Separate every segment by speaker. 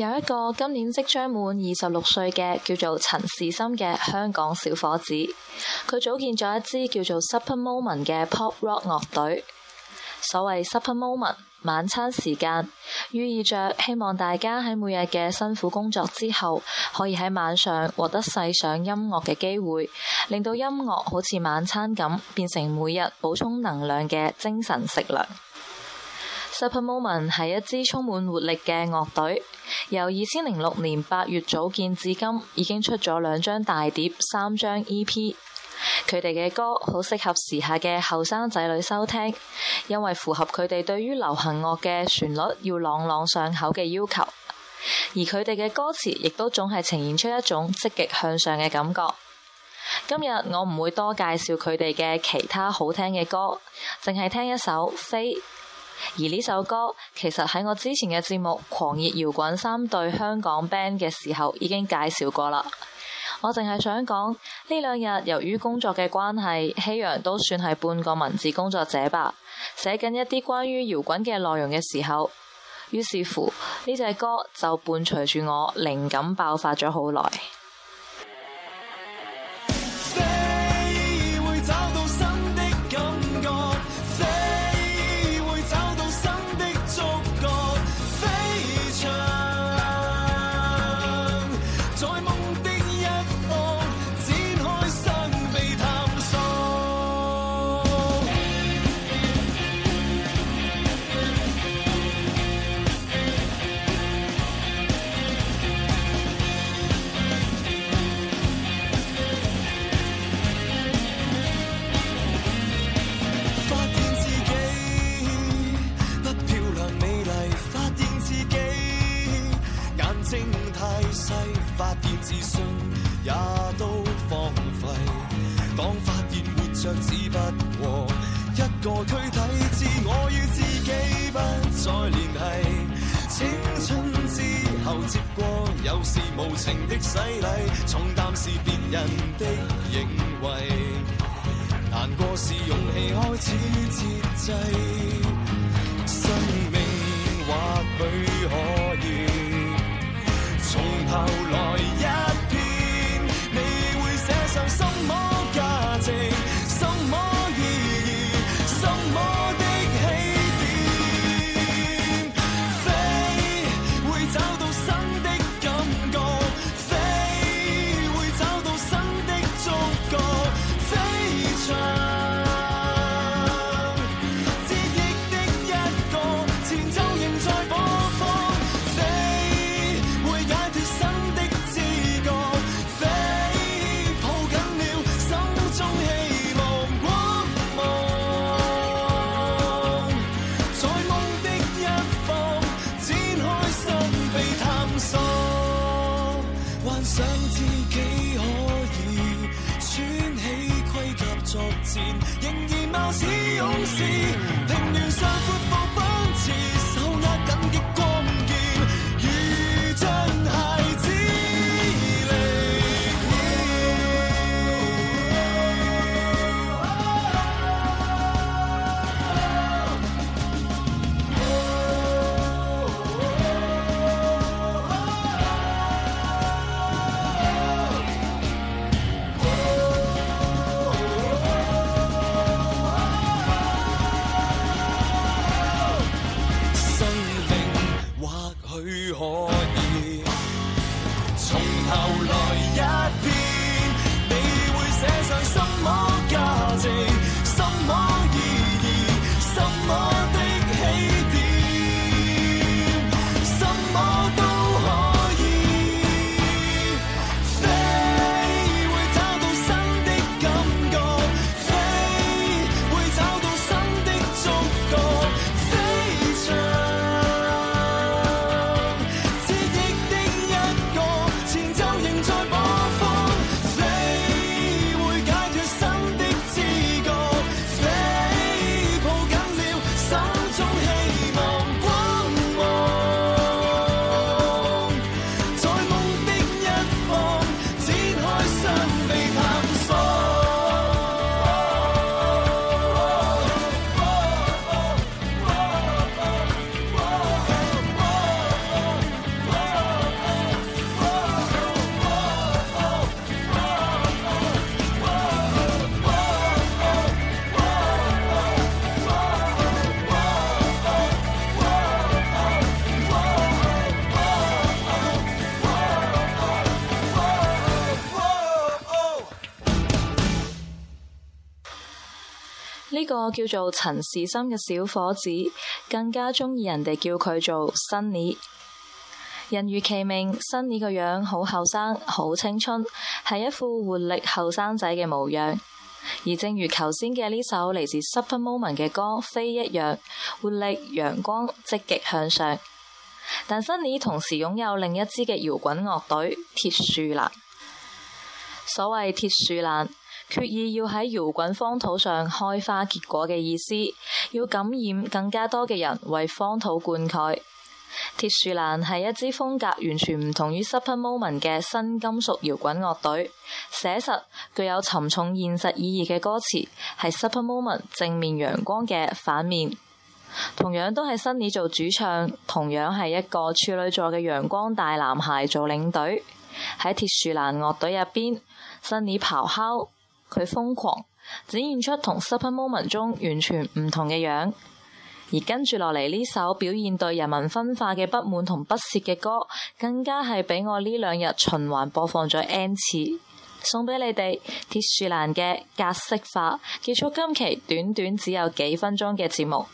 Speaker 1: 有一個今年即將滿二十六歲嘅叫做陳士森嘅香港小伙子，佢組建咗一支叫做 Supper Moment 嘅 pop rock 樂隊。所謂 Supper Moment 晚餐時間，寓意着希望大家喺每日嘅辛苦工作之後，可以喺晚上獲得細賞音樂嘅機會，令到音樂好似晚餐咁，變成每日補充能量嘅精神食糧。Supper Moment 係一支充滿活力嘅樂隊，由二千零六年八月組建至今，已經出咗兩張大碟、三張 EP。佢哋嘅歌好適合時下嘅後生仔女收聽，因為符合佢哋對於流行樂嘅旋律要朗朗上口嘅要求，而佢哋嘅歌詞亦都總係呈現出一種積極向上嘅感覺。今日我唔會多介紹佢哋嘅其他好聽嘅歌，淨係聽一首《飛》。而呢首歌其實喺我之前嘅節目《狂熱搖滾三對香港 band》嘅時候已經介紹過啦。我淨係想講呢兩日，由於工作嘅關係，希陽都算係半個文字工作者吧，寫緊一啲關於搖滾嘅內容嘅時候，於是乎呢隻歌就伴隨住我靈感爆發咗好耐。
Speaker 2: 精太細，發現自信也都荒廢。當發現活着只不過一個軀體，自我與自己不再聯繫。青春之後接過，有時無情的洗禮，重擔是別人的認為，難過是勇氣開始節制。作戰，仍然貌似勇士，平原上闊步。從頭來一遍。
Speaker 1: 呢個叫做陳士心嘅小伙子，更加中意人哋叫佢做 Sunny。人如其名，Sunny 個樣好後生，好青春，係一副活力後生仔嘅模樣。而正如頭先嘅呢首嚟自 Supper Moment 嘅歌《飛》一樣，活力、陽光、積極向上。但 Sunny 同時擁有另一支嘅搖滾樂隊鐵樹蘭。所謂鐵樹蘭。決意要喺搖滾荒土上開花結果嘅意思，要感染更加多嘅人為荒土灌溉。鐵樹蘭係一支風格完全唔同於 Supper Moment 嘅新金屬搖滾樂隊，寫實具有沉重現實意義嘅歌詞，係 Supper Moment 正面陽光嘅反面。同樣都係 Sunny 做主唱，同樣係一個處女座嘅陽光大男孩做領隊。喺鐵樹蘭樂隊入邊，Sunny 咆哮。佢瘋狂，展現出同 Super Moment 中完全唔同嘅樣。而跟住落嚟呢首表現對人民分化嘅不滿同不屑嘅歌，更加係俾我呢兩日循環播放咗 n 次。送俾你哋，鐵樹蘭嘅格式化。結束今期短短只有幾分鐘嘅節目。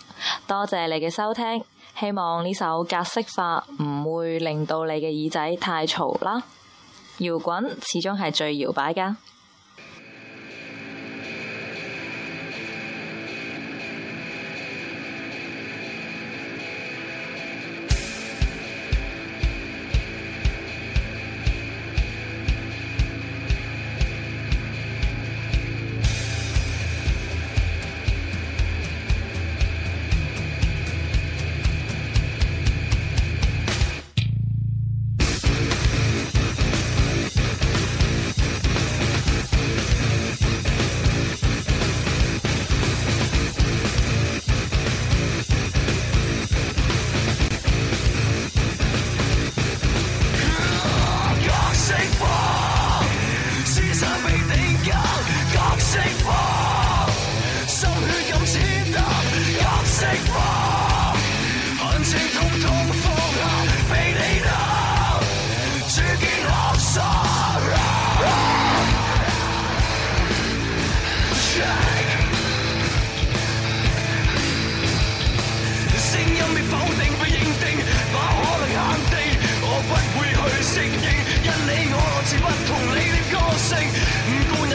Speaker 1: 多謝你嘅收聽，希望呢首格式化唔會令到你嘅耳仔太嘈啦。搖滾始終係最搖擺㗎。